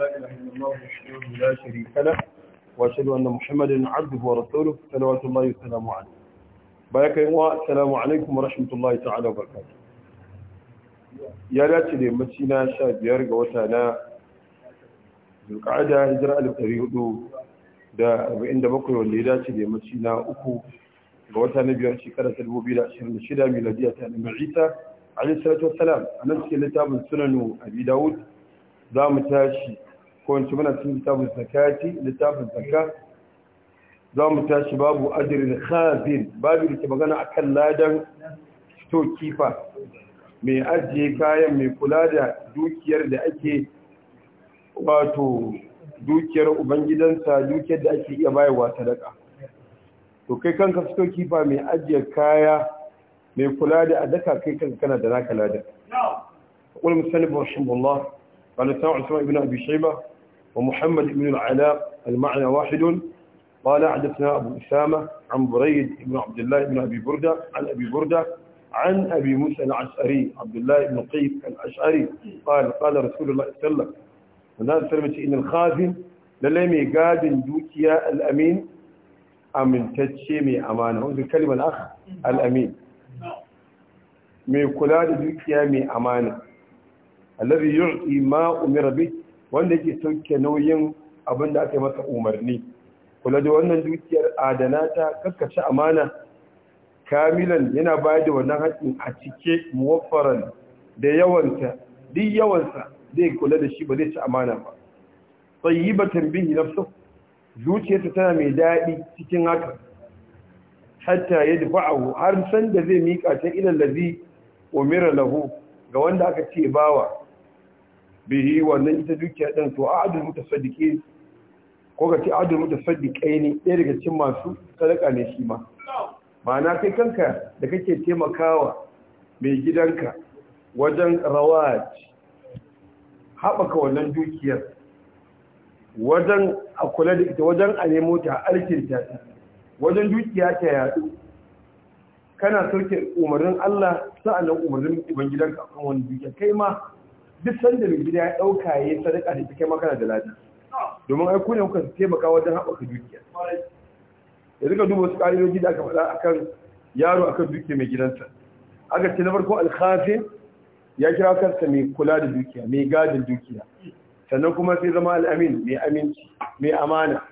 لا إله إلا الله وحده شريك له محمدا عبده ورسوله صلوات الله وسلامه عليه السلام عليكم الله تعالى وبركاته يا دي na 1400 da 47 wanda ya dace da mutuna uku ga wata 2026 littafin Sunan Abi Dawud za mu tashi ko wance muna cikin kitabun zakati littafin zakka za mu tashi babu ajirin khazin babu da ke magana akan ladan to kifa mai ajiye kayan mai kula da dukiyar da ake wato dukiyar ubangidansa dukiyar da ake iya bayarwa daka to kai kanka fito kifa mai ajiye kaya mai kula da adaka kai kanka kana da naka ladan قول المسلم رحمه الله قال سمع عثمان بن ابي شيبه ومحمد بن العلاء المعنى واحد قال حدثنا أبو أسامة عن بريد بن عبد الله بن أبي بردة عن أبي بردة عن أبي موسى العشعري عبد الله بن قيس العشعري قال قال رسول الله صلى الله عليه وسلم ونال سلمتي إن الخازن للمي قاد دوتيا الأمين أمن مي أمانة هذه الكلمة الأخ الأمين ميقولاد كلاد مي أمانة الذي يعطي ما أمر به wanda yake sauke nauyin abin da aka yi masa umarni kula da wannan dukiyar adana ta ci amana kamilan yana bayar da wannan haƙin a cike muwaffaran da yawanta duk yawansa zai kula da shi ba zai ci amana ba tayyibatan bihi nafsu zuciyarsa tana mai daɗi cikin haka hatta yadfa'ahu har san da zai mika ta ila allazi umira lahu ga wanda aka ce bawa bihi wannan ita dukiya ɗin to adul mutasaddiqi ko ka ce adul ne ɗaya daga cikin masu sadaka ne shi ma ma'ana kai kanka da kake taimakawa mai gidanka wajen rawaj haɓaka wannan dukiyar wajen a da ita wajen a nemo ta a ta wajen dukiya ta yaɗu kana sauke umarnin Allah sa'annan umarnin ubangidanka akan wani dukiya kai ma duk sanda mai gida ya ɗauka ya yi sadaka da cikin makana da ladi domin ai kuna kuka taimaka wajen haɓaka dukiya ya rika duba wasu ƙa'idoji da aka faɗa akan yaro akan dukiya mai gidansa aka ce na farko alkhafi ya kira kansa mai kula da dukiya mai gadin dukiya sannan kuma sai zama al'amin mai aminci mai amana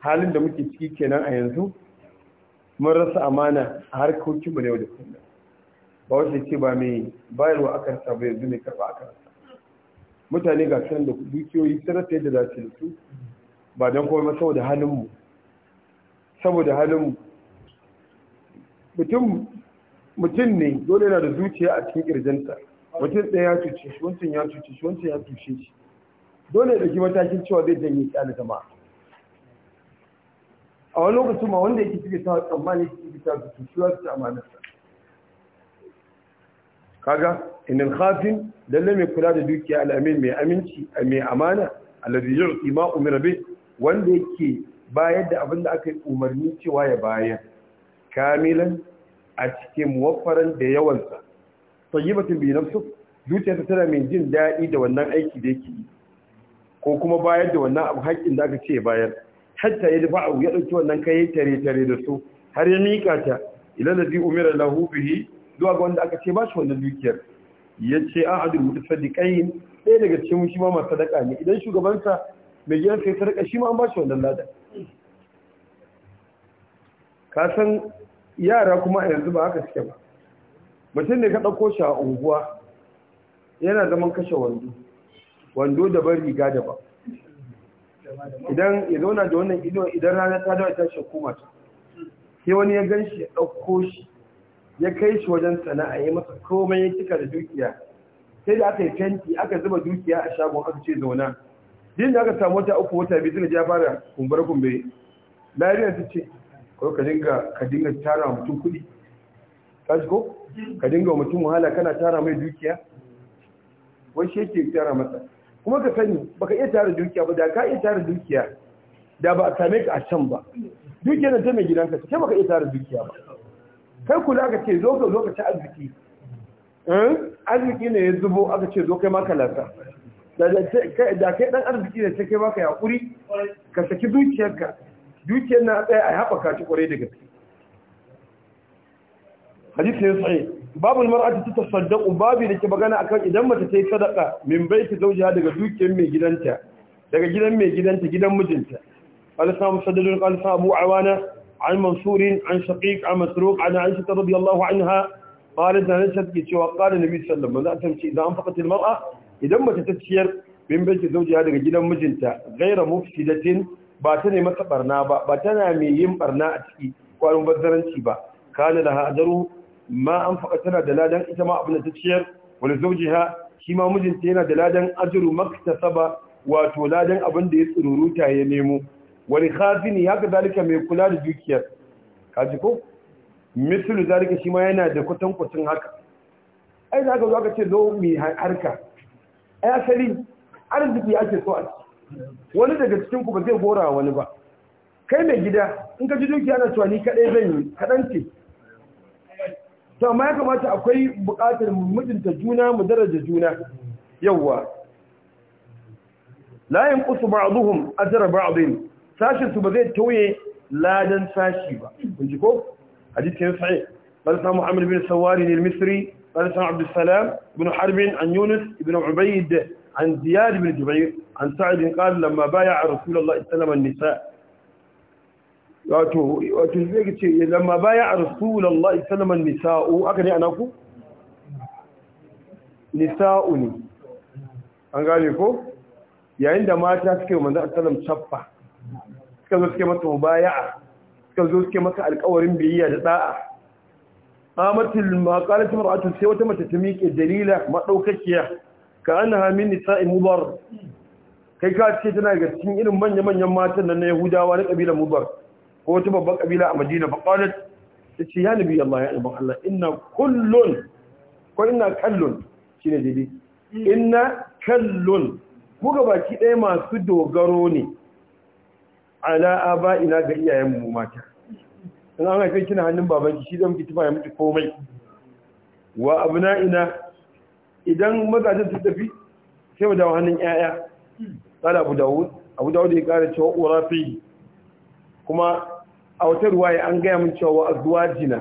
halin da muke ciki kenan a yanzu mun rasa amana a harkokinmu na yau da kullum ba wace ce ba mai bayarwa a kansa ba yanzu mai karba a kansa mutane ga sanar da dukiyoyi sanar ta yadda za su su ba don kuma saboda halinmu saboda halinmu mutum mutum ne dole yana da zuciya a cikin kirjinsa mutum ɗaya ya cuce shi wancan ya cuce shi wancan ya cuce shi dole ya ɗauki matakin cewa zai janye ƙyale jama'a a wani lokacin ma wanda yake cikin ta tsammani cikin ta cuce shi su ta amanarsa kaga inal khafin lalle mai kula da dukiya al'amin mai aminci mai amana alladhi yu'ti ma umira bi wanda yake bayar da abin da aka yi umarni cewa ya bayar kamilan a cikin muwaffaran da yawansa tayyibatin bi nafsu ta tana mai jin daɗi da wannan aiki da yake yi ko kuma bayar da wannan abu haƙƙin da aka ce bayar hatta ya dafa abu ya ɗauki wannan kai tare tare da su har ya mika ta ila ladhi umira lahu bihi zuwa ga wanda aka ce ba shi wannan dukiyar ya ce an adu mutasaddiqain ɗaya daga cikin shi ma masu sadaka ne idan shugabansa mai gidan sai sadaka shi ma an ba shi wannan lada. ka san yara kuma a yanzu ba haka suke ba mutum ne ka ɗauko shi a unguwa yana zaman kashe wando wando da bar riga ba idan ya zauna da wannan ido idan rana ta dawa ta shi kuma ta sai wani ya gan shi ya ɗauko shi ya kai shi wajen sana'a ya masa komai ya cika da dukiya sai da aka yi fenti aka zuba dukiya a shagon aka ce zauna din da aka samu wata uku wata biyu suna ya fara kumbura kumbure Lariya ta ce ko ka dinga ka dinga tara mutum kuɗi kaji ko ka dinga mutum wahala kana tara mai dukiya wai shi yake tara masa kuma ka sani baka iya tara dukiya ba da ka iya tara dukiya da ba a same ka a can ba dukiyar da ta mai gidanka ta baka iya tara dukiya ba kai kula ka ce zo ka zo ka ci arziki eh? arziki ne ya zubo aka ce zo kai maka lasa da kai dan arziki ne sai kai maka yakuri ka saki dukiyarka. dukiyar na tsaye a haɓaka ci kwarai da gaske hadisi ya tsaye babu mar'ati ta tasaddaqu babu da ke magana akan idan mace ta yi sadaka min baiti zaujiya daga dukiyar mai gidanta daga gidan mai gidanta gidan mijinta qala sa musaddadun qala sa abu awana عن منصور عن شقيق عن مسروق عن عائشة رضي الله عنها قالت أنا شدك وقال النبي صلى الله عليه وسلم لا تمشي إذا أنفقت المرأة إذا ما تتسير من بيت زوجها هذا جدا مجنتا غير مفسدة باتنا ما تبرنا با باتنا ميم برنا أتكي وأنا مبذرا شبا كان لها أجره ما أنفقتنا دلالا إذا ما أبنى تتسير ولزوجها شما مجنتين دلالا أجر مكتسب وتولادا أبن دي سرورو تاينيمو wani hazini haka zalika mai kula da dukiyar kaji ko mislu shi ma yana da kwatankwacin haka ai za ka zo aka ce zo mai harka ai asali arziki ake so a wani daga cikin ku ba zai gora wani ba kai mai gida in ka ji dukiya na cewa ni kaɗai zan yi kaɗan ce to amma ya kamata akwai buƙatar mutunta juna mu daraja juna yawwa la yanqusu ba'dhum ajra ba'dhin sashin su ba zai tauye ladan sashi ba kun ji ko hadithin sahih bal muhammad bin sawari ne misri bal sa abdul salam ibn harb an yunus ibn ubayd an ziyad ibn jubayr an sa'id bin qala lamma bay'a rasulullah sallallahu alaihi wasallam wato wato zai ce lamma bay'a rasulullah sallallahu alaihi wasallam aka ne anaku nisa'u an gane ko yayin da mata suke wa manzan asalam suka zo suke masa mubaya'a suka zo suke masa alƙawarin biyayya da da'a amatul maqalat mar'atu sai wata mace ta miƙe dalila madaukakiya ka annaha min nisa'i mubar kai ka ce tana ga cikin irin manya manyan matan nan na yahudawa na kabilar mubar ko wata babban kabila a madina fa qalat tace ya nabi allah ya nabi allah inna kullun ko inna kallun shine dai hmm. inna kallun mu ga baki ɗaya masu dogaro ne ba ina ga mu mata in an haife kina hannun babanki shi zan fiti ya mutu komai wa ina. idan mazajen su tafi sai mu dawo hannun yaya tsada abu dawud abu dawud ya kara cewa fi kuma a wata ruwaya an gaya mun cewa jina.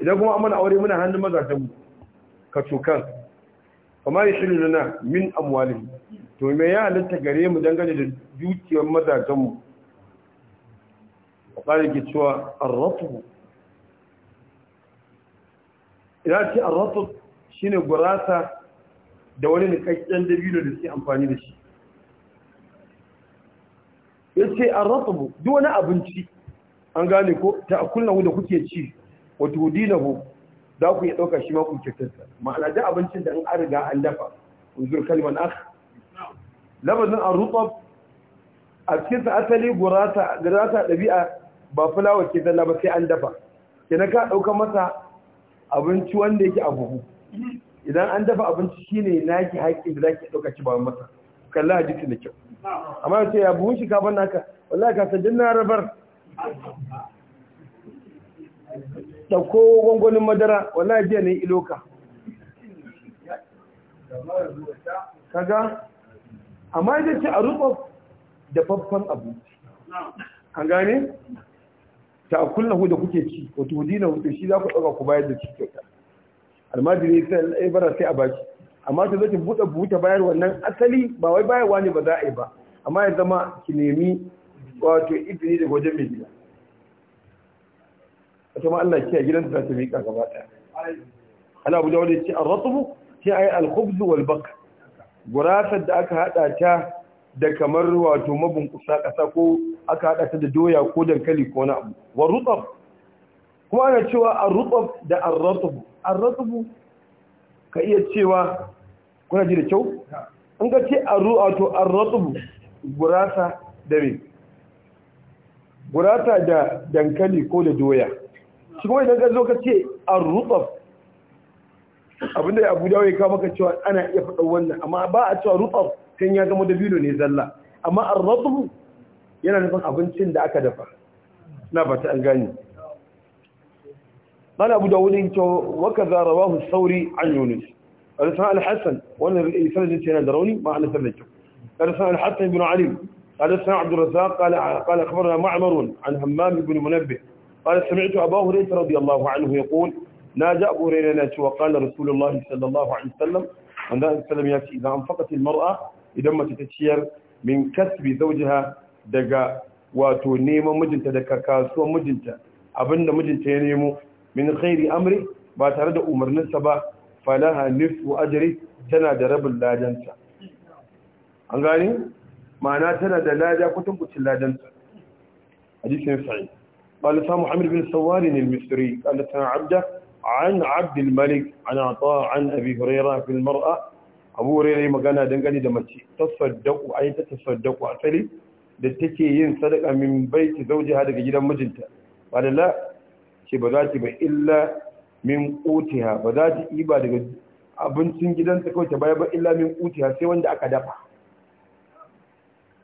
idan kuma amana aure muna hannun mazajen mu ka tukan Kamar ya shirin min amwalin to me ya halatta gare mu dangane da dukiyar mazajen mu a ƙari ke cewa arratu ya ce arratu shi ne gurasa da wani nikakken dabino da suke amfani da shi ya ce arratu duk wani abinci an gane ko ta akullahu da kuke ci wata hudinahu za ku iya ɗauka shi makon kyautarsa ma'ana da abincin da an an riga an dafa uzur kalman akh labarin arrutab a cikin sa asali gurata gurata ɗabi'a ba fulawa ke zalla ba sai an dafa kenan ka dauka masa abinci wanda yake a buhu idan an dafa abinci shine naki haƙin da zaki dauka ci ba masa kalla hadisi ne kyau amma sai ya ka ban naka wallahi ka san dinna rabar ko gongonin madara wallahi jiya ne iloka kaga amma yace a rubo da faffan abinci an gane hu da kuke ci wa tudinahu to shi za ku dauka ku bayar da shi kyauta almajiri sai ya bara sai a baki. amma ta zaki buɗe buta bayar wannan asali ba wai bayarwa ne ba za a yi ba amma ya zama ki nemi wato izini daga wajen mai gida a kuma Allah ya gidan da ta miƙa gaba ɗaya ana abu da wani ce a rasu ce a yi wal gurasar da aka haɗa ta da kamar wato kusa ƙasa ko aka haɗa ta da doya ko dankali ko wani abu wa rutsaf kuma ana cewa a rutsaf da a arratubu ka iya cewa kuna ji da kyau an ga ce a arratubu gurasa da me gurasa da dankali ko da doya shi kuma idan ka zo ka ce arrutsaf abinda abu dawo ya kawo maka cewa ana iya faɗa wannan amma ba a cewa rutsaf can ya gama dabino ne zalla amma ar arrabu yana nufin abincin da aka dafa na ba ta an gani wa قال أبو داود وكذا رواه الثوري عن يونس رسال الحسن وأنا سند تنادروني ما أنا سندته al الحسن ibn ali قال سمع عبد الرزاق قال قال أخبرنا معمر عن همام بن منبه قال سمعت أبا هريرة رضي الله عنه يقول ناجى أبو هريرة وقال رسول الله صلى الله عليه وسلم أن السلام يأتي إذا أنفقت المرأة idan mace ta ciyar min kasbi zawjiha daga wato neman mijinta daga kasuwar mijinta abinda mijinta ya nemo min khairi amri ba tare da umarninsa ba falaha nisfu ajri tana da rabin ladanta an gane ma'ana tana da lada kutankucin ladanta hadisin sahih قال سام محمد بن سوار المصري قال سنا عبده عن عبد الملك عن عطاء عن أبي هريرة في المرأة abu wuri ne magana dangane da mace ta saddaku. a yi ta saddaku a tsari da take yin sadaka min baiti zaujiha daga gidan mijinta ba da la ce ba za ki ba illa min ha ba za ta ba daga abincin ta kawai ta baya ba illa min ha sai wanda aka dafa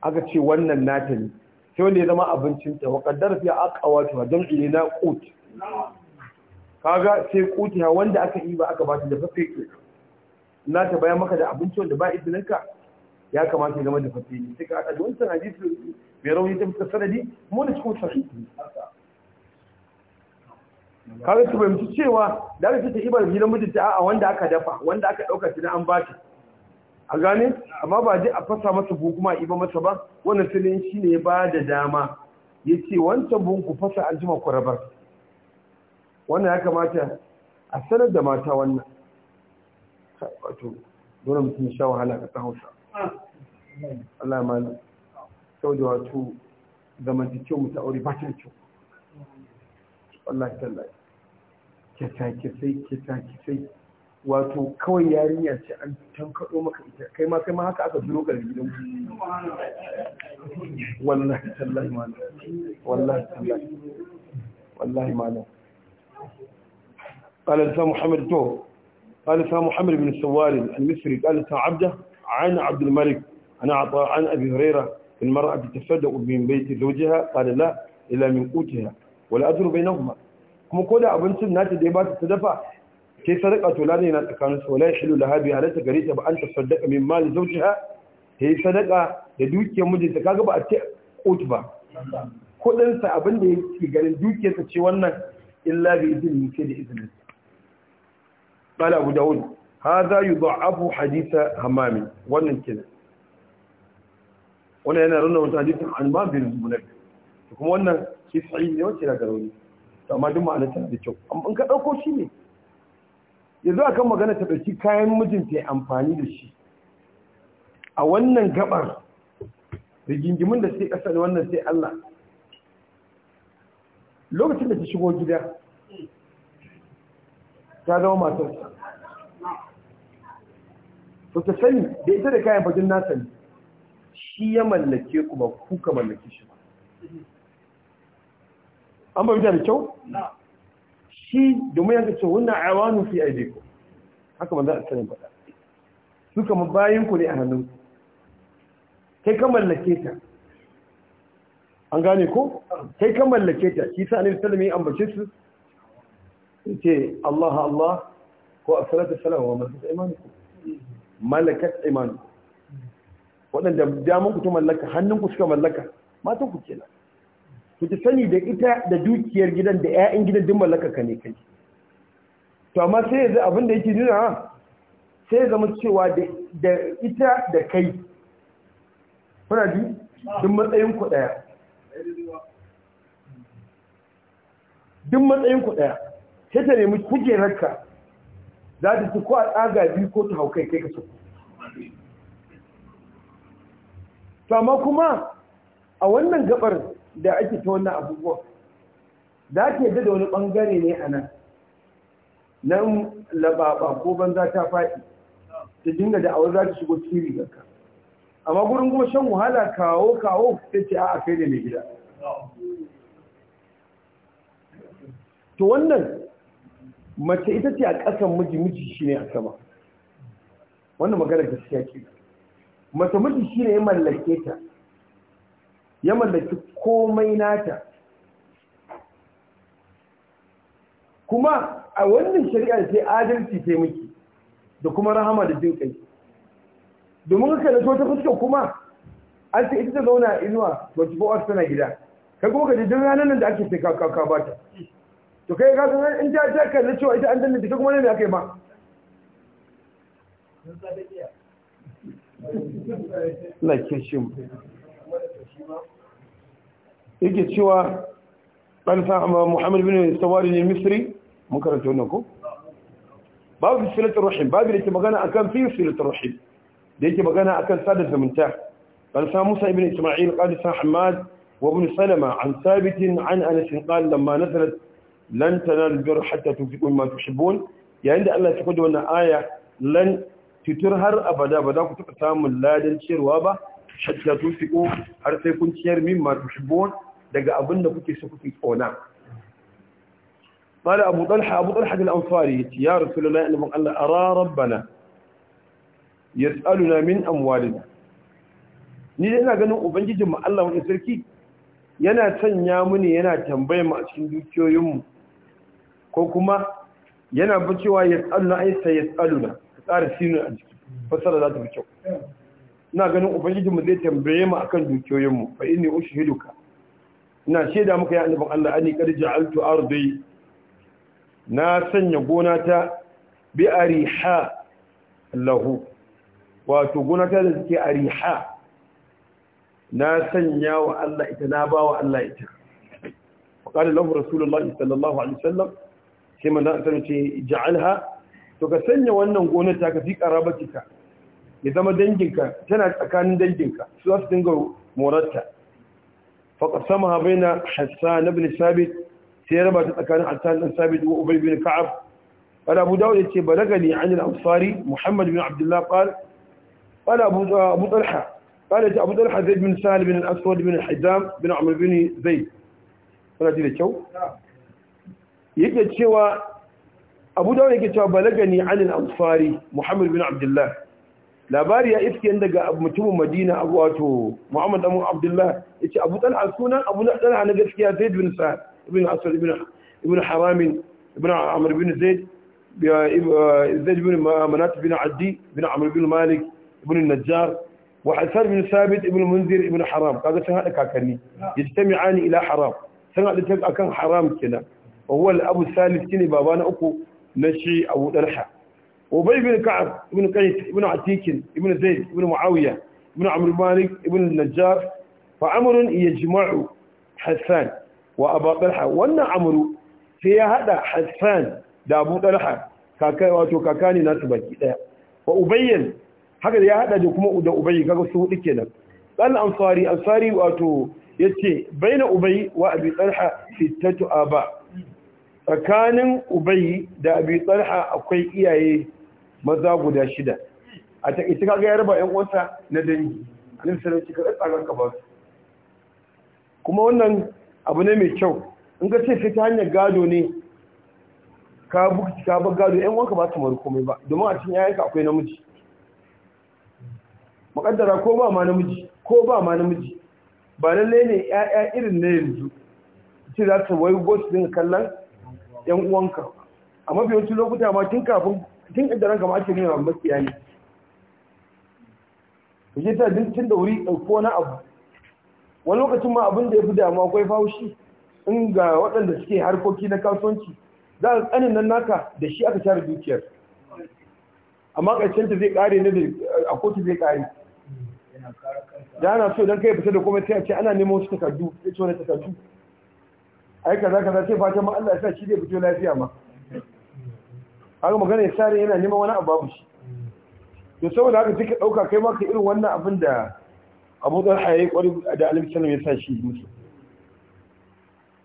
aka ce wannan nata ne sai wanda ya zama abincinta wa kaddar fi a jam'i ne na Ka kaga sai ha wanda aka yi ba aka ba ta da fafe na ta bayan maka da abinci wanda ba izininka ya kamata ya zama da ne sai ka haɗa da wancan hadisi mai rauni ta fita sanadi mu da cikin sahihi kawai su fahimci cewa da aka ce ibar gidan mijinta a wanda aka dafa wanda aka ɗauka shi na an ba shi a gane amma ba je a fasa masa buhu kuma iba masa ba wannan filin shi ne ba da dama ya ce wancan buhun ku fasa an jima ku rabar wannan ya kamata a sanar da mata wannan wato dole mutum sha wahala ka ta hausa Allah ma da wato zamantakewa mu ta aure ba ta kyau ta tallahi kyata-kyasai kyata-kyasai wato kawai yarinya ce an tankado maka ita kai ma kai ma haka aka biro gari gidan wallahi tallahi malam wallahi tallahi wallahi malam قال الإنسان محمد تو قال سام محمد بن السوار المصري قال سام عبده عن عبد الملك أنا عطاء عن أبي هريرة المرأة تفدأ من بيت زوجها قال لا إلا من قوتها ولا أجر بينهما كما قول أبن سنة ديبات تدفع كي صدقة لدينا تكانس ولا يحل لها بهالة قريتها بأن تصدق من مال زوجها هي صدقة لدوك يمجد تكاغب أتي قوتبا كل أنسى أبن دي ganin dukiyarsa ce wannan illa bi izinin sai da izinin قال أبو داود هذا abu حديث همام wannan kenan wannan yana rauna wannan hadisin Hammam bin Zubair kuma wannan shi sai ne wace da garauni to amma duk ma'ana tana da kyau amma in ka dauko shi ne yanzu akan magana ta dauki kayan mijinta ya amfani da shi a wannan gabar rigingimin da sai kasa wannan sai Allah lokacin da ta shigo gida ta zama matarsa to ta sani da ita da kayan fajin nasa ne shi ya mallake ku ba mallake shi ba an ba da kyau shi domin yanka ce wunan awanu fi aide ku haka manzo a sanin faɗa su kama bayan ku ne a hannun kai ka mallake ta an gane ko kai ka mallake ta shi sa salami sallallahu alaihi ambace su ce Allah Allah ko a salatu salama wa malakat imanikum malakat imanikum waɗanda daman ku ta mallaka hannun ku suka mallaka matan ku kenan ku ta sani da ita da dukiyar gidan da ƴaƴan gidan din mallaka ka ne kai to amma sai yanzu abin da yake nuna sai ya zama cewa da ita da kai kuna ji duk matsayin ku ɗaya duk matsayin ku ɗaya sai ta nemi kujerarka za ta ci ko a tsaga biyu ko ta haukai kai ka so to amma kuma a wannan gabar da ake ta wannan abubuwa za ta yadda da wani bangare ne a nan nan lababa ko banza ta faɗi ta dinga da awar za ta shigo cikin ka. amma gurin kuma shan wahala kawo kawo ta ce a kai da mai gida to wannan mace ita ce a ƙasan miji miji shi ne a sama wannan maganar gaskiya ce mace miji shi ne ya mallake ta ya mallaki komai nata kuma a wannan shari'ar sai adalci sai miki da kuma rahama da jin kai domin haka da ta fuska kuma an ce ita ta zauna inuwa ba ci ba tana gida kai kuma ka jirgin ranar nan da ake sai ka ba ta to kai ka san in ta ta kalli cewa ita an da ta kuma ne me akai ma yake cewa ɗan sa Muhammad bin Sawari ne Misri mun karanta wannan ko babu silatul rahim babu da yake magana akan fi silatul rahim da yake magana kan sadar zumunta قال سام موسى بن إسماعيل قال سام حماد وابن سلمة عن ثابت عن أنس قال na lan tanalu bir hatta tunfiqu mimma tuhibbun yayin da Allah ya da wannan aya lan titir har abada ba za ku taba samun ladan ciyarwa ba hatta tunfiqu har sai kun ciyar mimma tuhibbun daga abin da kuke so kuke tsona قال أبو طلحة أبو طلحة الأنصاري يا رسول الله إنما قال أرى ربنا يسألنا من ina ganin ubangijin mu Allah الله sarki yana sanya muni yana tambaye mu a cikin dukiyoyinmu ko kuma yana bi cewa ya tsalluna ai sai ya tsalluna ka tsara sinu a jiki fasara za ta fi kyau ina ganin ubangijinmu zai tambaye mu akan dukiyoyinmu fa inni ushhiduka ina shaida muka ya annabin Allah ani qad ja'altu ardi na sanya gona ta bi ariha lahu wato gona ta da suke ariha na sanya wa Allah ita na ba wa Allah ita faƙari lahu rasulullahi sallallahu alaihi wasallam sai manzon Allah ce ja'alha to ka sanya wannan gonar ta ka fi karabatika ya zama danginka tana tsakanin danginka su za su dinga moratta faƙar sama habai na hassan ibn sabit sai ya raba ta tsakanin hassan ibn sabit da ubay bin ka'ab qala abu dawud yace balagani an al-ansari muhammad bin abdullah qala qala abu abu talha qala ta abu talha zaid bin salim bin al-aswad bin al-hizam bin umar bin zaid ji da kyau yake cewa abu dawud yake cewa balagani anil amfari muhammad bin abdullah labari ya iske daga mutumin madina abu wato muhammad bin abdullah yace abu talha sunan abu talha na gaskiya zaid bin sa'd ibn asad ibn ibn haram ibn amr bin zaid uh, zaid bin manat bin addi bin amr bin malik ibn najjar ibn بن ثابت ابن منذر ابن حرام هذا سنة كاكني يجتمعان إلى haram سنة لتك ah. akan haram kenan wa abu salif shine baba na uku na shi Abu Darha Ubay ibn Ka'ab ibn Qais ibn Atik ibn Zaid ibn Muawiya ibn Amr Malik ibn Najjar fa amrun yajma'u Hassan wa Abu Darha wannan amru sai ya hada hasan da Abu Darha kakai wato kakani nasu baki daya wa Ubayyan haka ya hada da kuma da Ubay kaga su hudu kenan dan Ansari Ansari wato yace baina Ubay wa Abi Darha sittatu aba' tsakanin ubayi da abi tsarha akwai iyaye maza guda shida a ta ita kaga ya raba yan uwansa na dangi a nan alaihi ka tsagan ka ba su kuma wannan abu ne mai kyau in ka ce sai ta hanyar gado ne ka buki ka ba gado yan uwanka ba su mari komai ba domin a cikin yayanka akwai namiji makaddara ko ba ma namiji ko ba ma namiji ba lalle ne 'ya'ya irin na yanzu ce za su wai go su dinga kallon yan uwanka a mafi lokuta ma tun kafin tun inda ranka ma ake nuna maskiya ne ku je ta tun da wuri ɗauko na abu wani lokacin ma abin da ya fi damu akwai fahushi in ga waɗanda suke harkoki na kasuwanci za a tsanin nan naka da shi aka share dukiyar amma ƙarshen zai ƙare ne da a kotu zai ƙare da ana so ka kai fita da komai sai a ce ana neman wasu takardu ya ce wani takardu ai kaza kaza sai fatan ma Allah ya sa shi zai fito lafiya ma haka magana ya sare yana neman wani abu babu shi to saboda haka take dauka kai ma ka irin wannan abin da Abu Dharr yayi kwari da Annabi sallallahu alaihi wasallam ya sa shi musu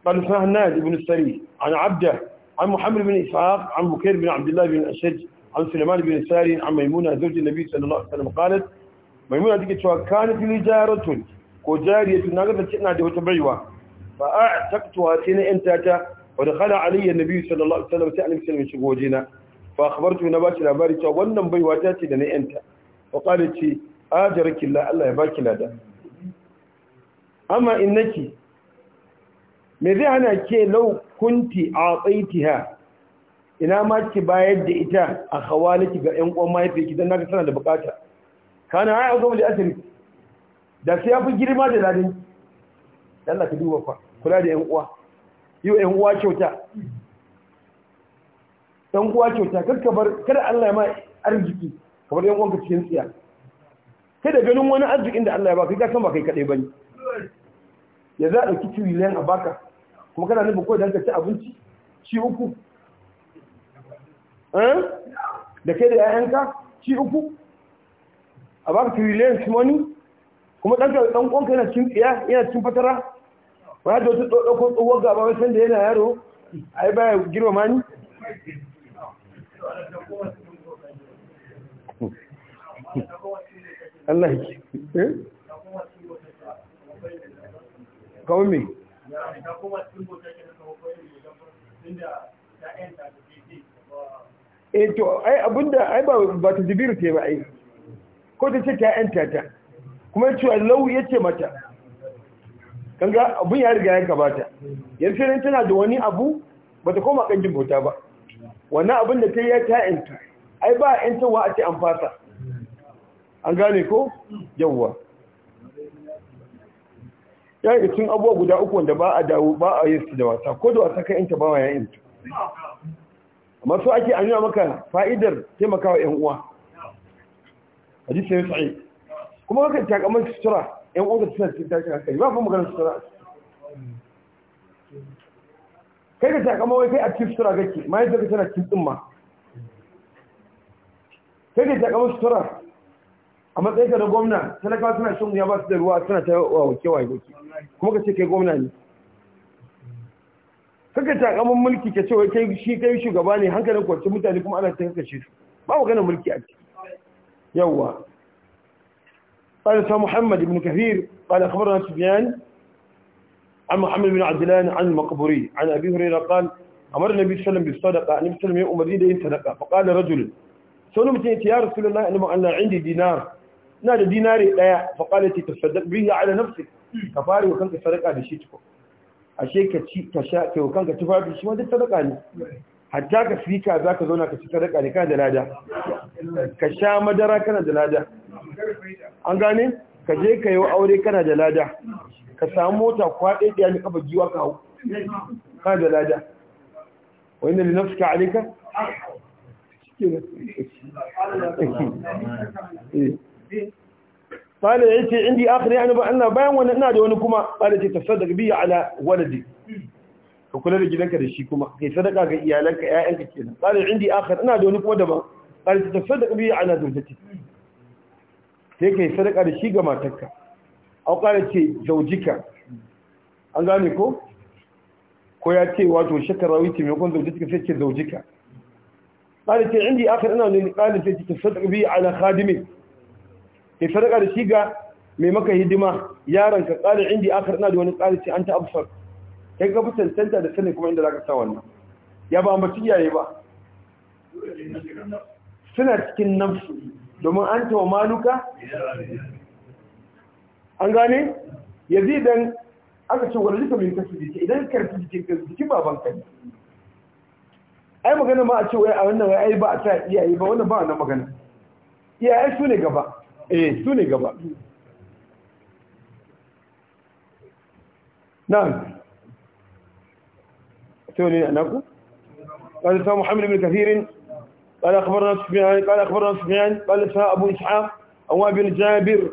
قال Sari, ابن Abda, an عبده عن محمد an إسحاق عن بكير بن Ashaj, an بن أشج Sari, an Maimuna, ساري عن ميمونة زوج النبي صلى الله عليه وسلم قالت ميمونة تكتشوها كانت لجارة وجارية ناقضة da wata baiwa. fa’a’atattuwa sai na ‘yanta ta wadda hana aliyyar na biyu sallallahu ala’uwa ta alimisar mai shigo jina fa’akabartu na ba shi labari wannan baiwa ce da na ‘yanta faƙari ce ajarakin la’alla ya ba ki lada amma in naki mai zai hana ke laukunti a tsaiti ina ma ki bayar da ita a hawa laki ga ‘yan ƙon mahaifiki don naka sana da bukata ka na haifar da asiri da su ya fi girma da ladinki Allah ka duba fa kula da yan uwa yi yan uwa kyauta yan uwa kyauta karka bar kada Allah ya ma arziki kamar yan uwanka cikin tsiya kada ganin wani arzikin da Allah ya baka ka san ba kai kadai bane ya za a dauki trillion a baka kuma kana nufin ko da ka ci abinci ci uku eh da kai da yayanka ci uku a baka trillion money kuma ɗanka ɗan ƙonka yana cin ya yana cin fatara ba da wata ɗauko tsohuwar gaba wai sanda yana yaro ai baya girma mani Allah eh? me eh to ai abinda ai ba ta jibiru ce ba ai ko ta ce ta yanta ta kuma ya cewa lau ya ce mata ƙanga abin ya riga ya gabata yanzu ne tana da wani abu ba ta koma kan bauta ba wannan abin da ta yi ya ta yanta ai ba a yantarwa a ce an fasa an gane ko yawwa ya yi cin abuwa guda uku wanda ba a dawo ba a yi su da wasa ko da wasa ka yanta ba wa ya yanta ake an maka fa'idar taimakawa yan uwa hadisi ne sa'i kuma kakan takamar sutura yan ta suna cikin tashin hankali ba fa maganar sutura kai da takamar wai kai a cikin sutura gaki ma yadda ka tana cikin ma kai da takamar sutura a matsayin da na gwamna talakawa suna shan ya ba su da ruwa suna ta wa wake wa yake kuma ka ce kai gwamna ne kaka takamar mulki ka ce wai kai shi kai shugaba ne hankalin kwanci mutane kuma ana ta kashe su ba maganar mulki a ciki yawwa قال محمد بن كثير قال أخبرنا سفيان عن محمد بن عبد الله عن المقبوري عن أبي هريرة قال أمر النبي صلى الله عليه وسلم بالصدقة النبي صلى الله عليه وسلم ان صدقة فقال رجل سألوا يا رسول الله أنا عندي دينار نادى نعم، ديناري لا فقال تصدق به على نفسك كفاري وكانت صدقة بشيتكم أشيك كشاك وكانت تفاعل بشيما دي صدقة يعني. hatta ka fika za ka zauna ka ci sadaka ne kana da lada ka sha madara kana da lada an gane ka je ka yi aure kana da lada ka samu mota kwaɗe ɗaya ne kafa jiwa ka hau kana da lada wanda da nafsuka alika قال يأتي عندي آخر يعني أنا بيان وأنا أنا دونكما قال يأتي تصدق بي على ولدي ka kula da gidanka da shi kuma kai sadaka ga iyalanka ƴaƴanka kenan qala indi akhar ina da wani kuma daban tafsir da kabi ala zawjati sai kai sadaka da shi ga matarka au qala ce zawjika an gane ko ko ya ce wato shakarawi ce mai kun zawjika sai ce zawjika qala ce indi akhar ina da qala ce da kabi ala khadimi kai sadaka da shi ga mai maka hidima yaranka qala indi akhar ina da wani qala ce anta absar kai ga fitan canta da sanin kuma inda za ka sa wannan ya ba ambaci iyaye ba suna cikin nafsu domin an tawa maluka an gane ya zai dan aka ce wani duka min kasu jiki idan karfi jikin kasu jikin baban kai ai magana ma a ce wai a wannan wai ai ba a ta iyaye ba wannan ba wannan magana iyaye su ne gaba eh su ne gaba na. سوري نقو نعم. قال لسان محمد بن كثير قال أخبرنا سفيان قال أخبرنا سفيان قال لسان أبو إسحاق أو بن جابر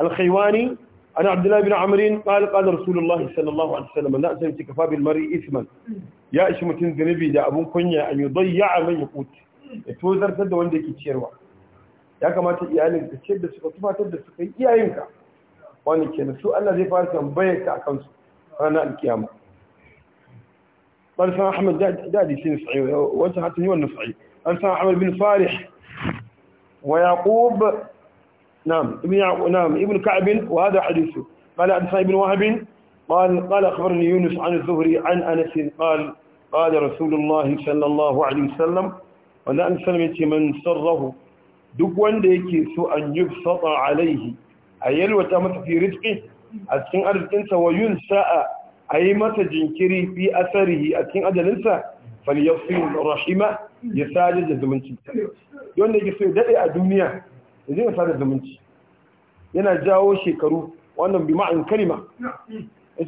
الخيواني أنا عبد الله بن عمرين قال قال رسول الله صلى الله عليه وسلم لا أسلم كفى بالمرء إثما يا إيش متنذنبي ده أبو كنيا أن يضيع من يقوت توزر تد وندك تشيروا ya kamata iyalin ka ce da suka tufatar da suka yi iyayenka wani ke su Allah zai fara tambayar ka akan قال سنة احمد دادي داد وانت حتى هو النفعي الانسان احمد بن صالح ويعقوب نعم ابن يعقوب نعم ابن كعب وهذا حديثه قال حدثنا ابن وهب قال قال اخبرني يونس عن الزهري عن انس قال قال رسول الله صلى الله عليه وسلم ولا أنس من سره sarrahu duk wanda أن يبسط عليه yi sata في رزقه yalwata masa fi rizqi a yi masa jinkiri fi asarihi a cikin ajalinsa fi rahima ya sadar da zumunci wanda yake so ya daɗe a duniya ya dinga sada zumunci yana jawo shekaru wannan bi ma'an kalima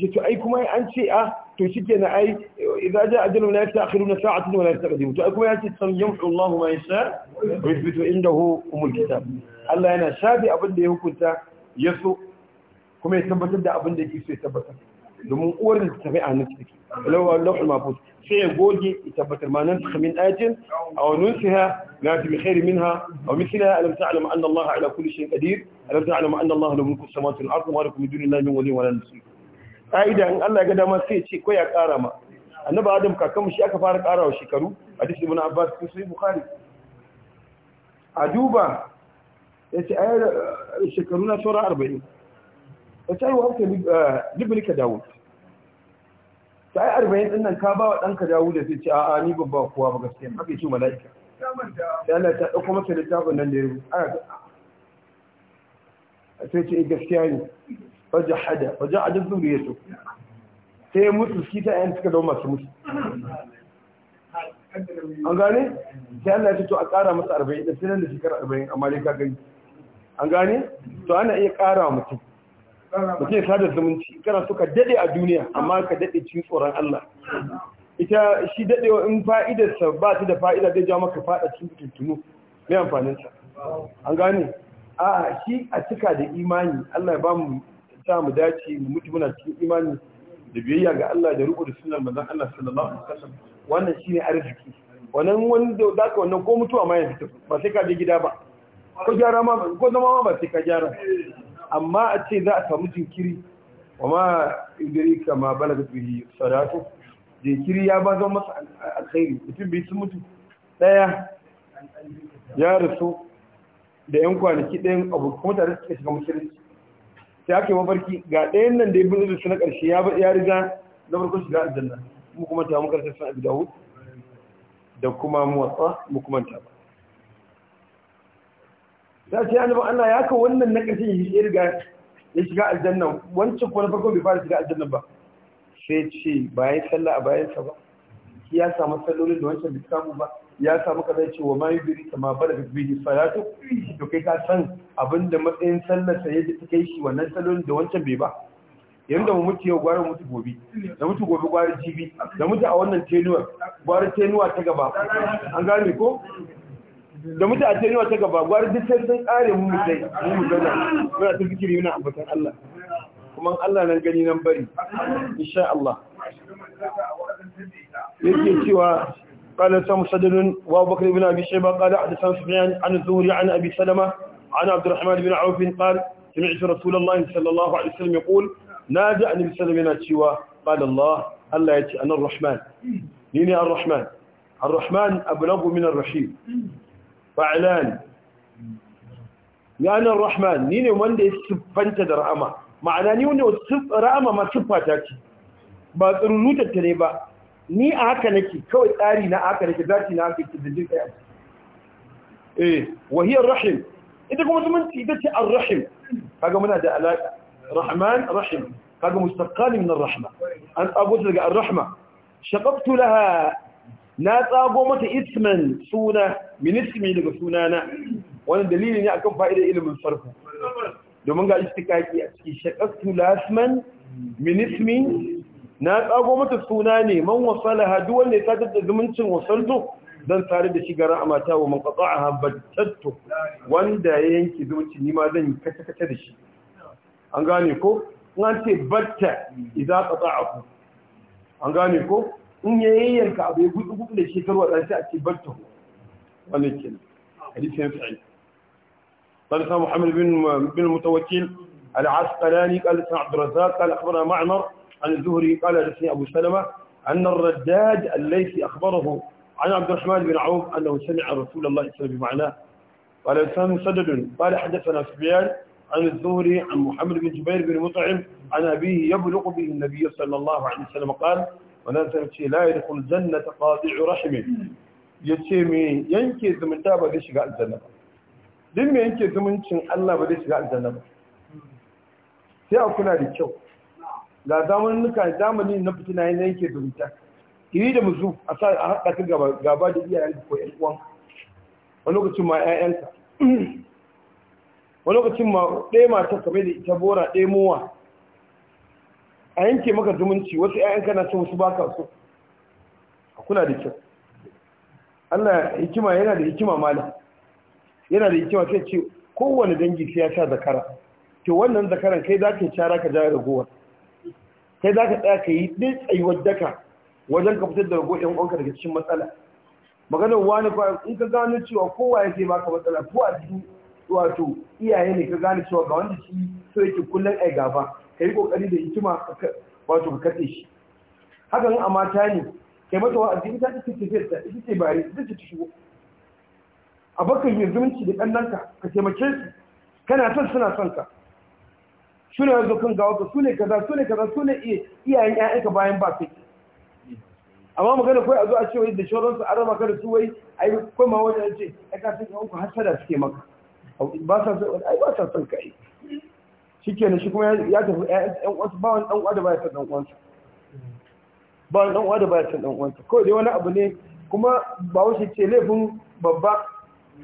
ce to ai kuma an ce a ah, to shike na ai idan ja ajalun la yasta'khiruna sa'atan wa la yastaqdimu to ai kuma ya yace san yamhu Allahu ma yasha wa yuthbitu indahu umul kitab Allah yana shafi abin da ya hukunta yaso kuma ya tabbatar da abin da yake so ya tabbatar domin uwar da tafi a nufi lawa lawal mafus sai ya goge ya tabbatar ma nan min ayatin aw nunsiha na fi khair minha aw mithlaha alam ta'lam anna Allah ala kulli shay'in qadir alam ta'lam anna Allah lahu mulku samawati wal ardi wa lakum min dunillahi min waliyyin wala nasir kaida in Allah ya ga dama sai ya ce ko ya kara ma annabi Adam kakan shi aka fara karawa shekaru hadisi ibn Abbas cikin sahih Bukhari a duba yace ayar shekaru na shora 40 wajen wafta libnika dawud ta yi arba'in ɗin nan ka ba wa ɗanka dawo da zai ce a'a ni ban ba kowa ba gaskiya haka ce mala'ika da Allah ta ɗauko masa littafin nan da ya rubuta a sai ce eh, gaskiya ne wajen hada wajen adin zuri ya so sai ya mutu shi ta yan suka zama masu mutu an gane sai Allah ya ce to a ƙara masa arba'in da sai nan da shekara arba'in amma dai ka gani an gane to ana iya ƙara wa mutum mutum sada zumunci kana so ka dade a duniya amma ka dade cikin tsoron Allah ita shi dade in fa'idarsa ba ta da fa'ida zai jawo maka fada cikin tuntunu mai amfanin sa an gane a shi a cika da imani Allah ya ba mu sa mu dace mu mutu muna cikin imani da biyayya ga Allah da rubuta sunan manzon Allah sallallahu alaihi wasallam wannan shine arziki wannan wanda zaka wannan ko mutuwa ma yanzu ba sai ka je gida ba ko gyara ma ko zama ma ba sai ka gyara amma a ce za a samu jinkiri wa ma ka ma da bihi sadatu jinkiri ya ba zan masa alkhairi mutum bai sun mutu daya ya rasu da yan kwanaki ɗayan abu kuma tare suka shiga musulunci sai ake mafarki ga ɗayan nan da ya bin irinsu na ƙarshe ya riga na farko shiga aljanna mu kuma ta mu karshe sun abu da kuma mu muwatsa mu kuma ta ba ta ce yana ba Allah ya ka wannan na ƙarshen ya riga ya shiga aljanna wancan ko na farko bai fara shiga aljanna ba sai ce bayan sallah a bayan sa ba ya samu sallolin da wancan bai samu ba ya samu kaza ce wa mai biri ma bada da bihi salatu to kai ka san abin da matsayin sallar sa ta kai shi wannan sallolin da wancan bai ba yanda mu mutu yau gwara mutu gobe da mutu gobe gwara jibi da mutu a wannan tenuwa gwara tenuwa ta gaba an gane ko da mutane ne wata gaba gwar duk sai sun kare mu mu dai mu mu zauna muna ta zikiri muna ambatan Allah kuma Allah nan gani nan bari insha Allah yake cewa قال سام مسدد وابو بكر بن ابي شيبه قال حدثنا سفيان عن الزهري عن ابي سلمه عن عبد الرحمن بن عوف قال سمعت رسول الله صلى الله عليه وسلم يقول نادى النبي صلى الله عليه وسلم قال الله الله ياتي انا الرحمن ليني الرحمن الرحمن ابلغ من الرحيم fa'alan ya nan rahman ni ne wanda ya siffanta da rahama ma'ana ni wanda rahama ma siffata ce ba tsirunutatta ne ba ni a haka nake kawai tsari na haka nake zaci na haka ke dindin ɗaya eh wahiyar rahim ita kuma zumunci ita ce ar-rahim kaga muna da alaƙa rahman rahim kaga mustaqali min ar-rahma an tsago daga ar-rahma shaqabtu laha na tsago mata isman suna minismi daga sunana wani dalili ne akan fa'idar ilimin farko? domin ga istikaki a cikin shakastu lasman minismi na tsago mata suna ne man wasala hadu wanda ya da zumuncin wasalto don tare da shigara a mata wa man ƙasa a habbatattu wanda ya yanke zumuncin nima zan yi kata-kata da shi an gane ko? an ce batta idan a ku an gane ko? in yayyanka abu ya gudu gudu da shekaru a a ke sa'i قال سيدنا محمد بن بن المتوكل العسقلاني قال عبد الرزاق قال اخبرنا معمر عن الزهري قال حدثني ابو سلمه ان الرداد الليثي اخبره عن عبد الرحمن بن عوف انه سمع رسول الله صلى الله عليه وسلم بمعناه قال سام سدد قال حدثنا سبيان عن الزهري عن محمد بن جبير بن مطعم عن أبيه يبلغ به النبي صلى الله عليه وسلم قال wannan sai ce la yadkhul jannata qati'u rahim yace me yanke zumunta ba zai shiga aljanna ba duk me yanke zumuncin Allah ba zai shiga aljanna ba sai a kula da kyau ga nuka zamani na fitina yana yanke zumunta iri da muzu a sa a haɗa ka gaba gaba da iyayen ko ƴan uwan wani lokacin ma ƴaƴanka wani lokacin ma ɗaya mata kamar da ita bora ɗaya mowa a yanke maka zumunci wasu ƴaƴan kana so wasu baka so a kula da kyau Allah hikima yana da hikima malam yana da hikima sai ce kowane dangi sai ya sa zakara to wannan zakaran kai za ka yi cara ka jawo ragowar kai za ka tsaya ka yi ɗin tsayuwar daka wajen ka fitar da ragowar yan uwanka daga cikin matsala maganar wani kwa in ka gano cewa kowa ya sai baka matsala ko a cikin wato iyaye ne ka gane cewa ga wanda shi so yake kullum ai gaba ka yi kokari da hikima wato ka katse shi haka nan a mata ne kai mata wa'azi ita ta tafiya ta ita ce bare ita ce ta shigo a bakan yin zumunci da ɗannanka ka taimake su kana son suna son ka suna yanzu kan gawa ka sune kaza sune ne kaza sune ne iyayen ka bayan ba kai amma magana kai a zo a ce wai da shauransu an raba ka da su wai ai kai ma wani ya ce ai ka san ka uku hasada suke maka ba sa son ai ba sa son ka ai ne shi kuma ya tafi ƴan uwansa ba wani dan uwa da baya son ɗan uwansa ba wani dan uwa da baya son ɗan uwansa kawai dai wani abu ne kuma ba wasu ce laifin babba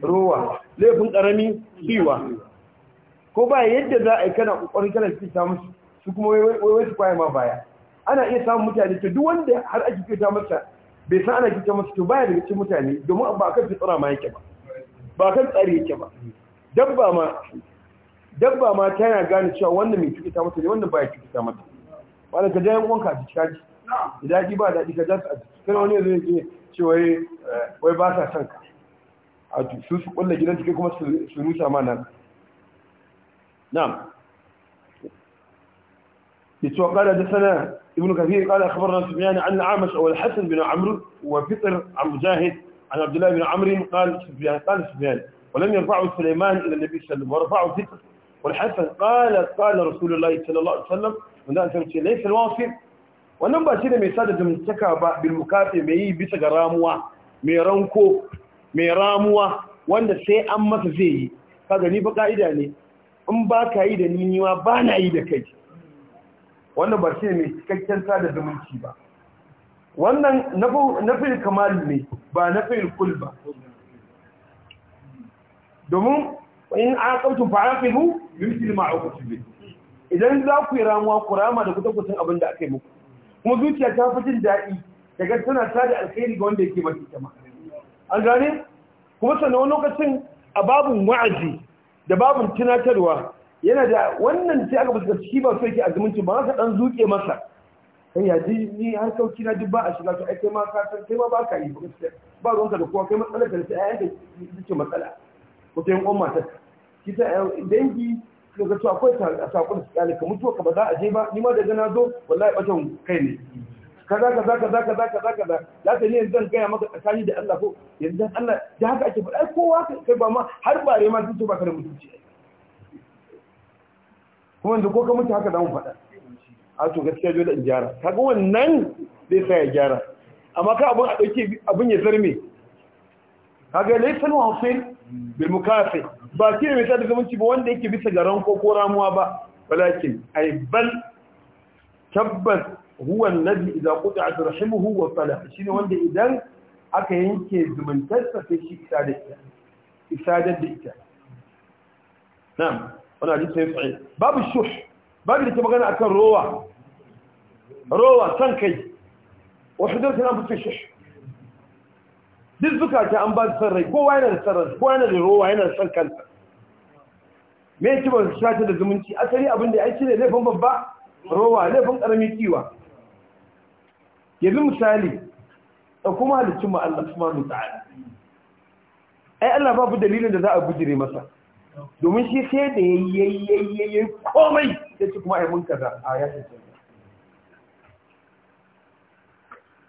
rowa laifin ƙarami kiwa ko ba yadda za a yi kana kokarin kana ta musu su kuma wai su kwaye ma baya ana iya samun mutane to duk wanda har ake ta masa bai san ana fita masa to baya daga cikin mutane domin ba kan fitsara ma yake ba ba kan tsari yake ba dabba ma dabba ma tana gane cewa wannan mai cikita mata ne wannan baya cikita mata wanda ka dai wanka ji jiki idan ji ba daɗi ka ja su a jiki kana wani yanzu ne ce wai ba sa son ka a su su kulla gidan jiki kuma su rusa ma nan na'am يتوى قال حدثنا ابن كثير قال أخبرنا سفيان عن العامش أو الحسن بن عمرو وفطر عن مجاهد عن عبد الله بن عمرو قال سفيان قال سفيان ولم يرفعه سليمان إلى النبي صلى الله عليه وسلم ورفعه فطر والحسن قال قال رسول الله صلى الله عليه wannan ba shi da mai sada zumuntaka ba bil mukafi mai yi bisa ga ramuwa mai ranko mai ramuwa wanda sai an masa zai yi kaga ni ba ka'ida ne in ba ka yi da ni ma yi da kai wannan ba shi mai cikakken sada zumunci ba wannan nafil kamal ne ba nafil kul ba domin wa in aqamtum fa aqibu yumsil ma aqutum bi idan za ku yi ramuwa ku rama da kuta abin da aka yi muku kuma zuciya ta fi jin daɗi daga tana tada alkhairi ga wanda yake mace ta an gane kuma sannan wani lokacin a babun wa'azi da babun tunatarwa yana da wannan sai aka fuskar ciki ba so yake azumunci ba ka dan zuke masa kai ya ji ni har sauki na duk ba a shiga to ai kai ma ka san kai ma ba ka yi ba ruwanka da kowa kai matsalar da ta yi ai da ce matsala ko ta yin ƙwan matar kisa eh, dangi suka ga to akwai sakon su kyale ka mutuwa ka ba za a je ba ni ma daga na zo wallahi batan kai ne kaza kaza kaza kaza kaza kaza za ka ne yanzu zan gaya maka tsakani da Allah ko yanzu Allah da haka ake faɗa kowa kai ba ma har bare ma sun ce ba ka da mutunci kuma yanzu ko ka mutu haka za faɗa a to gaskiya dole in gyara kaga wannan zai sa ya gyara amma ka abin a ɗauke abin ya zarme kaga laifin wafin bil mukafi ba shi ne mai sada zumunci ba wanda yake bisa ga ranko ko ramuwa ba walakin ai bal tabbas huwa alladhi idza qut'at rahimuhu wa fala ne wanda idan aka yanke zumuntarsa sai shi isa da ita isa da ita na'am wannan hadisi sai sai babu shush. babu da ke magana akan rowa rowa san kai wa hudurtu na fuske shuh duk ce an ba su san rai kowa yana da san rai kowa yana da rowa yana da san kanta. me yake ba su shata da zumunci asali abin da ya ci ne laifin babba rowa laifin karamin kiwa yanzu misali da kuma halittun ma Allah ta ta'ala ai Allah babu dalilin da za a bujire masa domin shi sai da yayyayyayi komai da ci kuma ai mun kaza a ya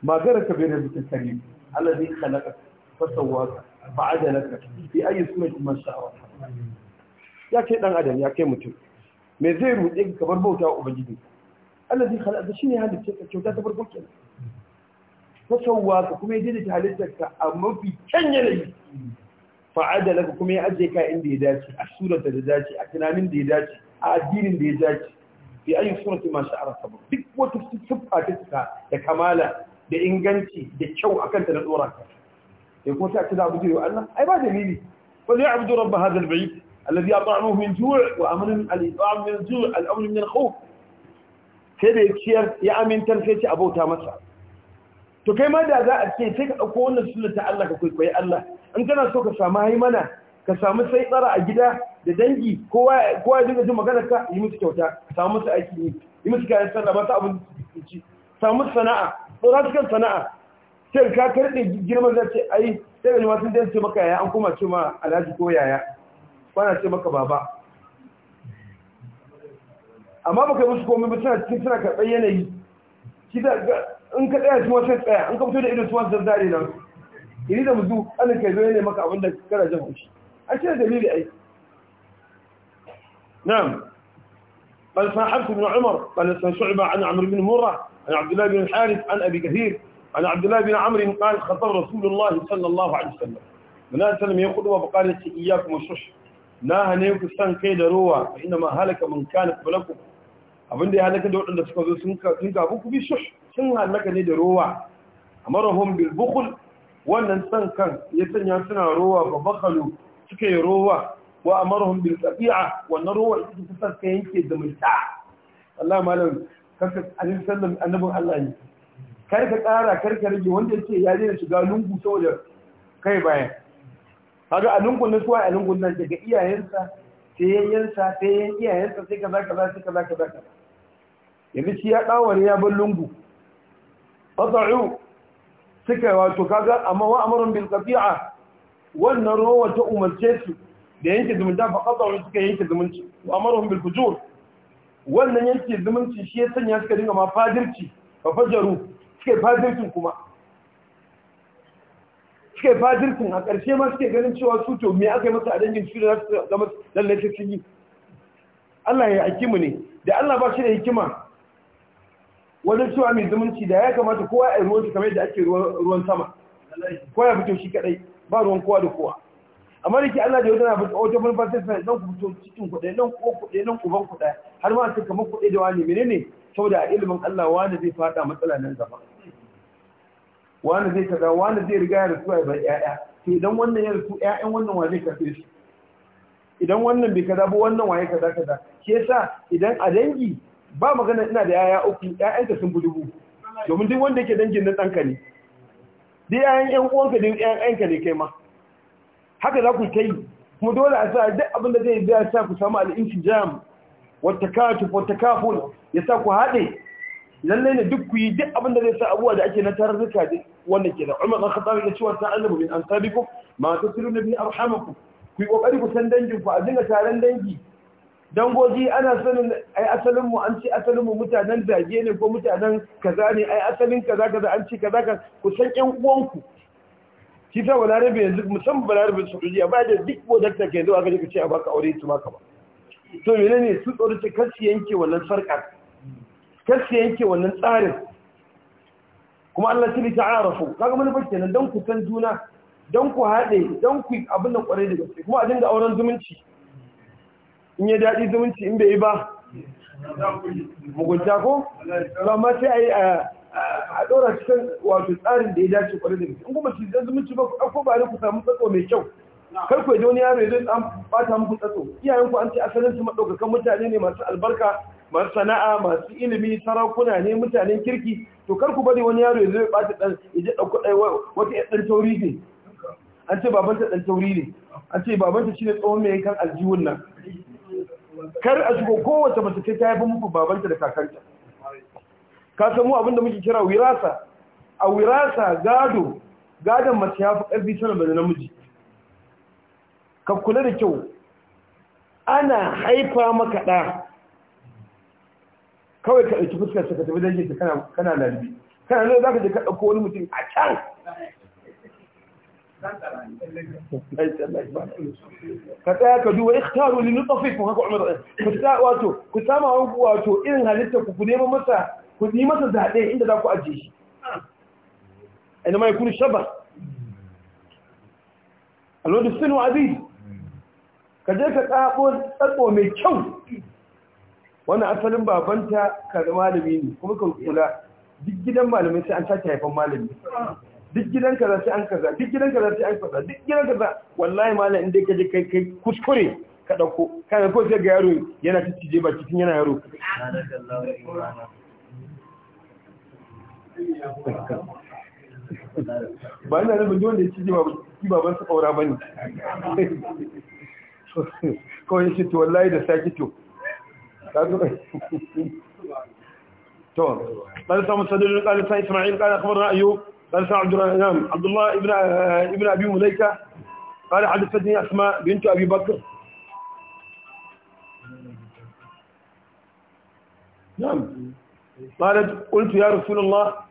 magana ka bai da zuciya Allah zai halaka da naka fi ayi suna kuma sha'awa ya kai dan adam ya kai mutum me zai rude ka kamar bauta wa ubangiji Allah zai halatta shi ne halitta ta kyauta ta farko kenan ka kuma ya ta halittar ka a mafi can yanayi naka kuma ya ajiye ka inda ya dace a surata da dace a tunanin da ya dace a addinin da ya dace fi ayi suna kuma sha'ara sabab duk wata siffa ta da kamala da inganci da kyau akan ta na dora ka sai kuma sai a ci za a guje wa Allah ai ba dalili wal ya'budu rabb hadha al-bayt alladhi at'amahu min ju' wa amana min al sai da ciyar ya amintar sai ci abota masa to kai ma da za a ce sai ka dauko wannan sunna ta Allah ka Allah An kana so ka samu haimana ka samu sai a gida da dangi kowa kowa dinga jin yi musu kyauta ka samu aiki yi musu kayan samu sana'a sana'a sai ka karɗe girman za ce ai sai ga jima sun dan ce maka yaya an kuma ce ma alhaji ko yaya kwana ce maka baba amma baka musu komai ba suna cikin suna karɓar yanayi shi da in ka tsaya tuwa sai tsaya in ka fito da ido tuwa sai zare nan iri da muzu an kai zo ne maka abin da kana jin haushi an ce dalili ai na'am قال سمع حفص بن عمر قال سمع شعبة عن عمرو بن مرة عن عبد الله بن الحارث عن أبي كثير عن عبد الله بن عمرو قال خطب رسول الله صلى الله عليه وسلم من سلم يقول وقال إياكم والشح ناهنيك سان كيد روى فإنما هلك من كان قبلكم abin da ya halaka da waɗanda suka zo sun gabu ku bi shush sun halaka ne da rowa a marahun bilbukul wannan san kan ya sanya suna rowa ba bakalu suka yi rowa wa a marahun bilkafi'a wannan rowa ita ta san ka yanke zumunta Allah malam kaka Sallam, annabin Allah ne kar ka ƙara kar ka rage wanda yake ya daina shiga lungu saboda kai bayan. kaga a lungun na suwa a lungun nan daga iyayensa sai yayyensa sai yan iyayensa sai kaza kaza sai kaza kaza kaza yanzu shi ya daware ya bar lungu fad'u suka wato kaga amma wa amrun bil qati'a wannan rowa ta umarce su da yanke zumunta fa qata'u suka yanke zumunci wa amrun bil fujur wannan yanke zumunci shi ya sanya suka dinga ma fadirci fa fajaru suke fadirkin kuma suke fadirkin a ƙarshe ma suke ganin cewa su to me aka yi masa a dangin su da za su zama lallace su yi Allah ya aiki mu ne da Allah ba shi da hikima wajen cewa mai zumunci da ya kamata kowa ya ruwan shi kamar yadda ake ruwan sama kowa ya fito shi kadai ba ruwan kowa da kowa amma da ke Allah da yaudana ba wata manufa ta da nan ku fito cikin kuɗe nan ko kuɗe nan uban kuɗe har ma sai kamar kuɗe da wani menene saboda a ilimin Allah wani zai fada matsala nan gaba wani zai kaza wani zai riga ya rasu ba bar ƴaƴa to idan wannan ya rasu ƴaƴan wannan wa kafe shi idan wannan bai kaza ba wannan waye kaza kaza shi yasa idan a dangi ba magana ina da yaya uku ƴaƴanka sun bi dubu domin duk wanda yake dangin nan ɗanka ne dai ƴaƴan ƴan uwanka duk ne kai ma haka za ku ta yi kuma dole a sa duk abin da zai biya sa ku samu al'inci jam wata katu wata kafin ya sa ku haɗe lallai ne duk ku yi duk abin da zai sa abuwa da ake na tarurruka duk wannan ke da umar ɗan khatsabi ya cewa ta allabu min an sabi ku masu ta na biyu arhamaku ku yi ƙoƙari ku san dangin ku a dinga taron dangi dangoji ana sanin ai asalin mu an ce asalin mu mutanen zage ne ko mutanen kaza ne ai asalin kaza kaza an ce kaza ka ku san ƴan uwanku shi sa balarabe yanzu musamman balarabe a ba da duk wadakta ke zuwa gani ka ce a baka aure su maka ba to mene ne su tsoro ce kasu yanke wannan sarkar kasu yanke wannan tsarin kuma Allah shi ta arafu kaga manufar kenan don ku san juna don ku haɗe don ku abin da kwarai da gaske kuma a dinga auren zumunci in ya daɗi zumunci in bai yi ba mugunta ko ba ma sai a yi a ɗora cikin wato tsarin da ya dace kwarai da gaske in kuma shi zan zumunci ba ku ɗauko ba ku samu tsatso mai kyau kar ku yaje wani yaro ya zo an bata muku tsatso iyayen ku an ce asalin su madaukakan mutane ne masu albarka masu sana'a masu ilimi sarakuna ne mutanen kirki to kar ku bari wani yaro ya zo ya bata dan ya je dai wata ɗan tauri ne an ce babanta ɗan tauri ne an ce babanta shine tsohon mai kan aljihun nan kar a shigo kowace mace ta haifin muku babanta da kakanta ka samu abinda muke kira wirasa a wirasa gado gadon mace ya fi ƙarfi sanar da namiji ka kula da kyau ana haifa maka ɗa kawai ka ɗauki fuskar ka tafi dangin kana kana lalibi kana nan za ka je ka ɗauko wani mutum a can ka tsaya ka duba ikhtaru li nutfikum haka umar ku ta wato ku sama wato irin halitta ku ku neman masa ku yi masa zaɓe inda za ku ajiye shi A ina mai kuni shabar a lodin sinu aziz ka je ka tsako tsako mai kyau Wani asalin babanta kada malami ne kuma ka kula duk gidan malamai sai an sake haifan malami duk gidan kaza sai an kaza duk gidan kaza sai an kaza duk gidan kaza wallahi malam inda ka je kai kai kuskure ka dauko kai ko sai ga yaro yana cicije ba cikin yana yaro ba ina nufin wanda ya ci ba ban ƙaura ba ne kawai shi to wallahi da saki to to ɗan samu sadirin ismail ƙala kamar ra'ayu قال نعم عبد الله ابن ابن ابي مليكه قال حدثتني اسماء بنت ابي بكر نعم قالت قلت يا رسول الله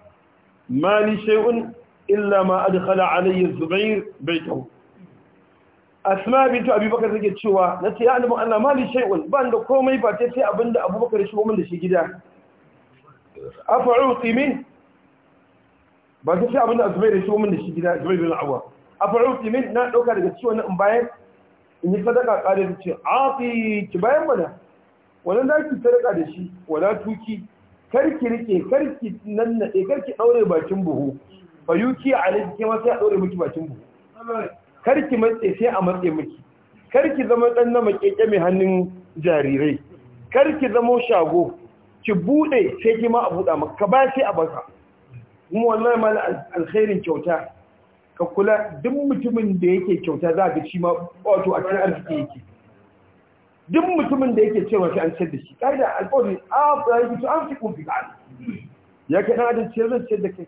ma li shay'un illa ma adkhala alayya zubair baitahu asma bintu abubakar take cewa nace ya annabi Allah ma li ban da komai ba sai abinda abubakar ya shigo min da shi gida afa uti min ba sai abinda zubair ya da shi gida zubair bin awwa afa uti na dauka daga ciwon in bayan in yi sadaka kare ce ati ki bayan mana wannan da ki sadaka da shi wala tuki karki rike karki nannade karki daure bakin buhu fa yuki alaiki ke ma sai a daure miki bakin buhu karki matse sai a matse miki karki zama dan na makeke mai hannun jarirai karki zama shago ki bude sai ki ma a buda maka ka ba sai a baka kuma wallahi mal alkhairin kyauta ka kula duk mutumin da yake kyauta za ka ci ma wato a cikin arziki yake duk mutumin da yake cewa shi an ciyar da shi ƙa'ida alƙawari a ya fito an fi ƙunfi ƙa'ani ya ka ɗan ce ciyar zan ciyar da kai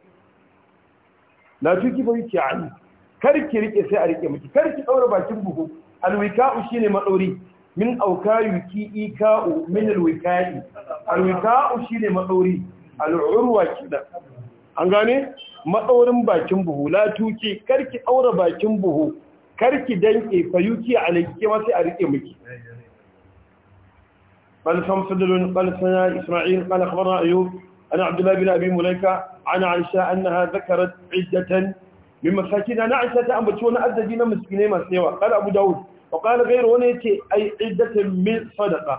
na tuki ba yake ani kar ki rike sai a rike miki kar ki ɗaura bakin buhu alwika'u shine maɗauri min auka yuki ika'u min alwika'i alwika'u shine maɗauri al'urwa kidan an gane maɗaurin bakin buhu la tuki kar ki ɗaura bakin buhu kar ki danke fayuki a alayki ma sai a rike miki قال سم سدل قال سنا إسماعيل قال أخبرنا أيوب أنا عبد الله بن أبي مليكة عن عائشة أنها ذكرت عدة من مساكين أنا عائشة أم بتشون أدى مسكينين ما سيوا قال أبو داود وقال غير ونيتي أي عدة من صدقة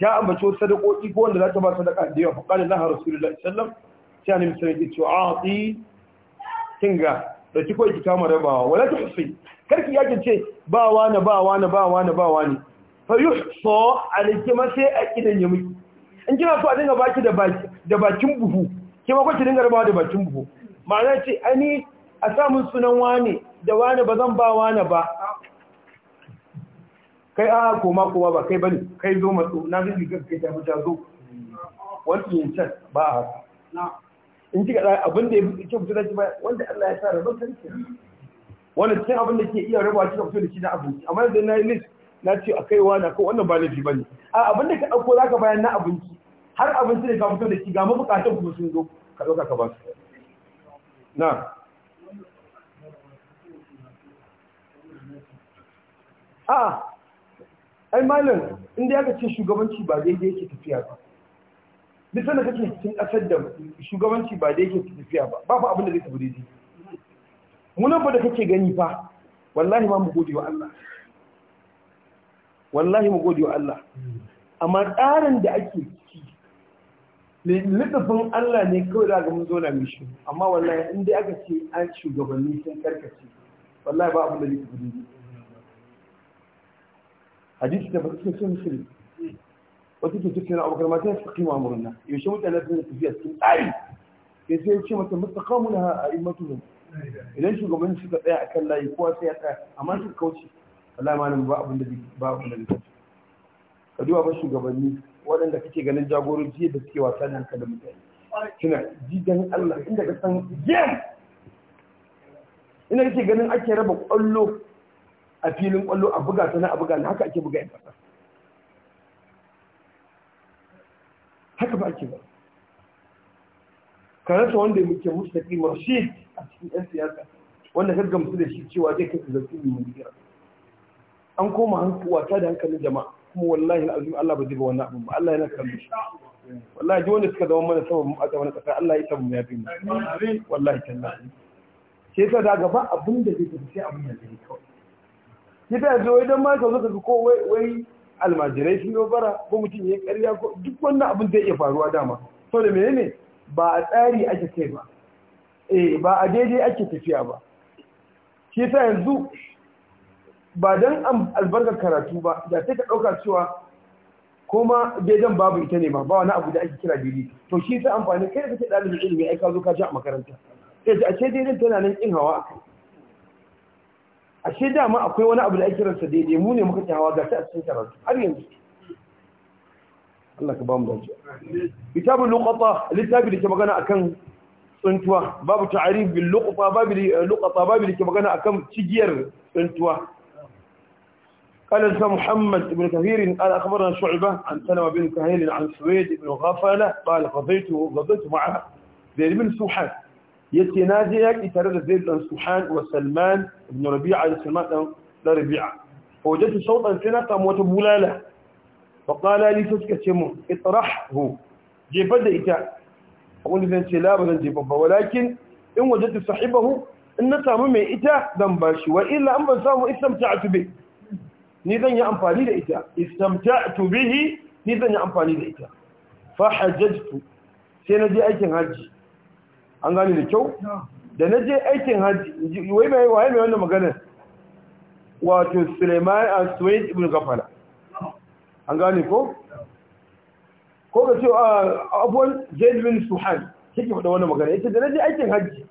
جاء أم بتشون صدقة إيكوان لا تبع صدقة ديوا فقال لها رسول الله صلى الله عليه وسلم كان مسلم تعاطي تنقى da ki kawai ki kama rabawa wala ta hufi karki yakin ce ba wani ba wani ba wani ba wani fayuhso yuhsa alaykum sai a kidan ya miki in kina so a dinga baki da baki da bakin buhu ke ma kwace dinga rabawa da bakin buhu ma'ana ce ani a samun sunan wane da wane ba zan ba wane ba kai a koma kowa ba kai bane kai zo matso na zubi kai ta fita zo wani yin can ba a haka in kika da abin da ya fi kyau fito da shi ba wanda Allah ya sa rabon sarki Wani cikin abin da ke iya rabawa kika fito da shi na abinci amma yanzu na yi list na ce a kaiwa na ko wannan ba ji bane a abin da ka dauko zaka bayan na abinci har abinci ne ka fito da shi ga mabukatan kuma sun zo ka dauka ka ba su na a ai malam inda ya ce shugabanci ba daidai yake tafiya ba duk sanda kake cikin kasar da shugabanci ba daidai yake tafiya ba ba fa abin da zai tafi daidai munan fa da kake gani fa wallahi ma mu gode wa Allah wallahi mu gode wa Allah amma tsarin da ake ciki littafin Allah ne kawai da ga mun zo na mishi amma wallahi in dai aka ce an shugabanni sun karkace wallahi ba abin da zai gudu hadisi da ke sun musulmi wata ke na abokan mata su kima murna yaushe mutane sun tafiya sun tsari ke sai ce mata mustaqamu laha a immatuhum idan shugabanni suka tsaya akan layi kowa sai ya tsaya amma suka kauce wallahi malamin ba abin da ba abin da zai ka duba ba shugabanni waɗanda kake ganin jagoroji da suke wasa da hankalin mutane kina jidan Allah inda ka san game ina kake ganin ake raba kwallo a filin kwallo a buga ta na a buga na haka ake buga yan kasa haka ba ake ba ka rasa wanda muke mustaqi marshid a cikin yan siyasa wanda ka gamsu da shi cewa zai kai zarfi mai mutira an koma wasa da hankalin jama'a kuma wallahi alazim Allah ba zai ga wannan abin ba Allah yana kallon shi wallahi ji wanda suka zama mana sabon a wani kasa Allah ya mu ya fi mu wallahi tallahi sai ka daga ba abin da zai tafi sai abin da zai kawai sai ta zo idan ma ka zo ka ga ko wai wai almajirai sun yi bara ko mutum ya ƙarya ko duk wannan abin zai iya faruwa dama da menene ba a tsari ake kai ba eh ba a daidai ake tafiya ba shi sa yanzu ba don albarkar karatu ba da sai ka ɗauka cewa kuma daidan babu ita ne ba ba wani abu da ake kira daidai to shi ta amfani kai da kake ɗalibin ilimin ai ka zo ka ji a makaranta sai ta ashe daidan tana nan in hawa A ashe dama akwai wani abu da ake kiransa daidai mu ne muka ƙin hawa ga ta a cikin karatu har yanzu Allah ka ba mu dace kitabul luqata littafi da ke magana akan tsuntuwa babu ta'arif bil luqata babu eh, luqata babu da ke magana akan cigiyar tsuntuwa قال لنا محمد بن كثير قال أخبرنا شعبة عن سلمة بن كهيل عن سويد بن غفلة قال قضيت قضيت مع زيد بن سوحان يتنازع يترد زيد بن سوحان وسلمان بن ربيعة سلمان بن ربيعة فوجدت صوتا سنة وتبولالة فقال لي تسكتمه اطرحه جيبت إتاء أقول أنت لا بلن جيبه ولكن إن وجدت صاحبه إن سامو من إتاء وإلا أن سامو استمتعت به ni zan yi amfani da ita istamta'tu bihi ni zan yi amfani da ita fa hajjatu sai na je aikin haji an gane da kyau da na je aikin haji wai mai waye mai wannan magana wato Sulaiman al-Suwaid ah, ibn Ghafala an gane ko ko ga cewa abuwan ah, Zaid bin Suhan kike faɗa wannan magana yace da na je aikin haji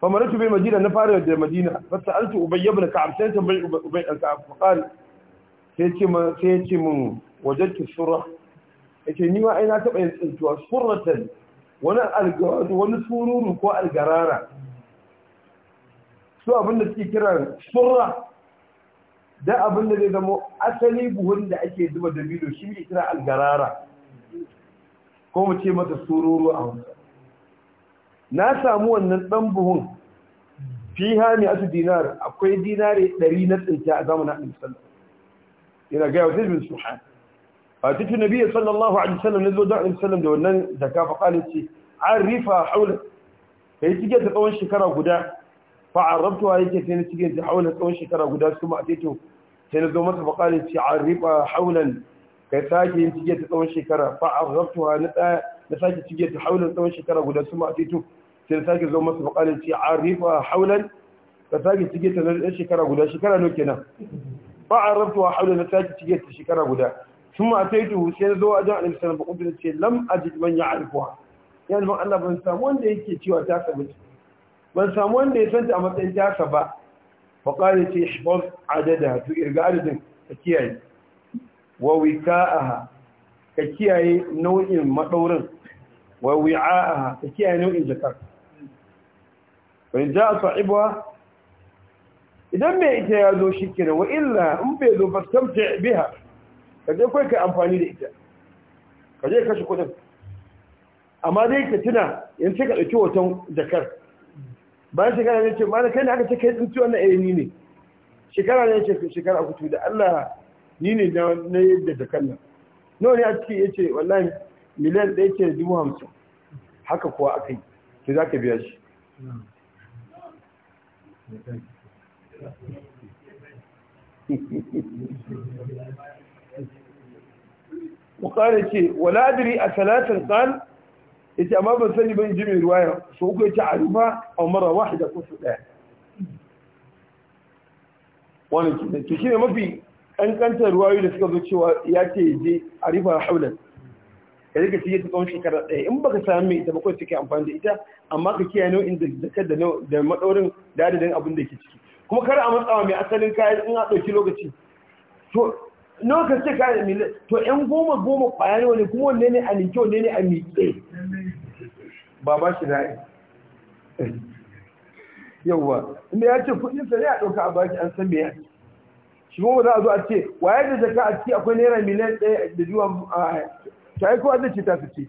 fa maratu bil madina na fara da madina fa sa'altu ubay ibn ka'ab sai tambayi ubay ibn ka'ab fa qala sai ce mun sai ce mun wajadtu surah yace ni ma ai na taba yin tsintuwa surratan wani algawadu wani sururu ko algarara su abinda suke kira surra da abinda zai zama asali buhun da ake zuba dabino shi ne kira algarara ko mu ce masa sururu a hausa na samu wannan dan buhun fi ne asu dinar akwai dinare ɗari na tsinta a zamanin annabi sallallahu yana ga yau bin subhan fatitu nabi sallallahu alaihi na nazo da annabi sallallahu da wannan da zakka fa qala ce arifa haula kai cike ta tsawon shekara guda fa a arabtuha yake sai ni cike ta haula tsawon shekara guda su ma a taito sai na zo masa fa qala ce arifa haulan kai sake yin cike ta tsawon shekara fa arabtuha na na sake cike ta haula tsawon shekara guda su ma a taito sai sake zo ci a ce a haulan da sake cike ta na ɗan shekara guda shekara nau kenan ba a rabtuwa haulan na sake cike ta shekara guda sun ma ta yi tuhu sai zo a jan alim sanar ba na ce lam a ji man ya arifuwa ya nufin allah ban samu wanda yake cewa ta saba ce ban samu wanda ya santa a matsayin ta saba faƙalin ce shibos adada to irga adadin ka kiyaye wa wika aha ka kiyaye nau'in maɗaurin wa aha ka kiyaye nau'in jakar in ja a sa'ibuwa idan mai ita ya zo shi kenan wa illa in bai zo fatan tamce biha ka je kai ka amfani da ita ka je kashe kudin amma dai ka tuna yin ce ka ɗauki hoton jakar bayan shekara ne ce mana kai ne aka ce kai tsinci wannan ayyani ne shekara ne ce shekara a kutu da allah ni ne na yadda jakar nan nawa ne a ciki ya ce wallahi miliyan ɗaya ce da dubu hamsin haka kuwa aka yi to za ka biya shi bukari ce wala a salatin kan ita amma ban sani ban jimin ruwa ruwaya so uku ya ce a rufa a mara wahi da su ɗaya wani ke shi ne mafi ƙanƙantar yau da suka zo cewa ya ce je a rufa haulan ka rika ta tsawon shekara ɗaya in baka samu mai ita bakwai suke amfani da ita amma ka kiyaye nau'in da zakar da da madaurin da adadin abin da ke ciki kuma kar a matsawa mai asalin kayan in a ɗauki lokaci to nawa ka ce kayan mila to yan goma goma kwaya ne wani kuma wanne ne a ninke wanne ne a miƙe ba ba shi na'i yawwa inda ya ce kuɗin sa ne a ɗauka a baki an san me ya shi kuma za a zo a ce waye da zaka a ciki akwai naira miliyan ɗaya da zuwa ta yi kowa zai ce ta fice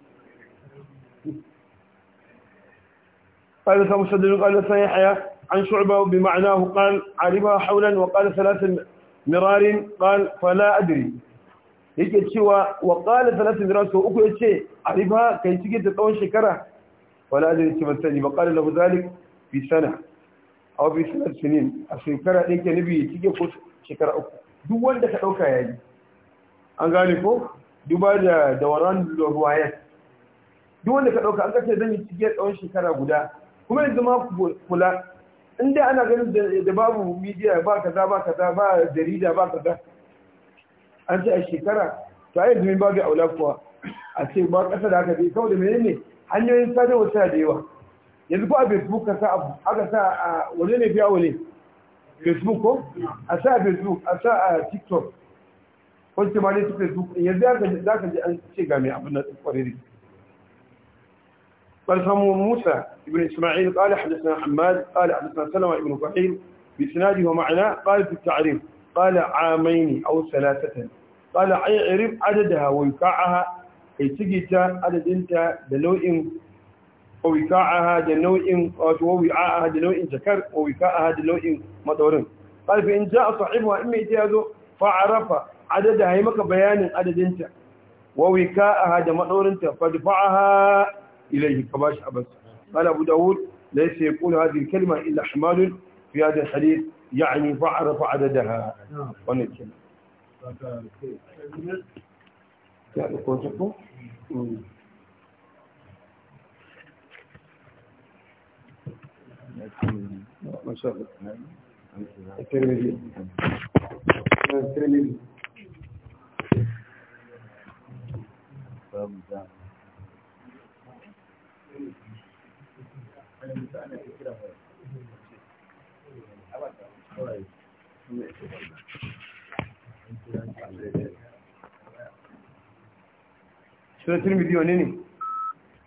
قال ثم صدر قال سيحيى عن شعبة بمعناه قال عربها حولا وقال salatin mirarin قال فلا أدري yake cewa wa salatin mirarin uku yace ariba kai cike da tsawon shekara wala da yace ban ba qala lahu zalik fi sana sinin a shekara da yake nabi cike ko shekara uku duk wanda ka ya yi an gane ko duba da dawaran ruwayen duk wanda ka ɗauka an kace zan yi cike tsawon shekara guda kuma yanzu ma kula Inda ana ganin da babu media ba kaza ba kaza ba jarida ba kaza an ce a shekara to ai yanzu ba ga aula kuwa a ce ba ƙasa da aka je saboda menene hanyoyin sadarwa tana da yawa yanzu ko a facebook ka sa abu aka sa a wane ne fiya wane facebook ko a sa a facebook a sa a tiktok wacce ma ne suka duk yanzu ya gaji za ka ji an ce ga mai abin da kwariri فالفم موسى ابن إسماعيل قال حدثنا حماد قال حدثنا سلمة ابن كحيل بسناده ومعناه قال في التعريف قال عامين أو ثلاثة قال عرف عددها ووقاعها كي إيه، تجد عدد انت دنوء ووقاعها دنوء ووعاءها دنوء ذكر ووقاعها دنوء مدور قال فإن جاء صاحبها إما إتيازه فعرف adada ya maka bayanin adadinta wa wika'aha da madorinta fadfa'aha ilayhi ka bashi abas قال أبو داود ليس يقول هذه الكلمة إلا حمال في هذا الحديث يعني فعرف عددها ونجل الترمذي babu za Shirin Tirmidhi wa ne?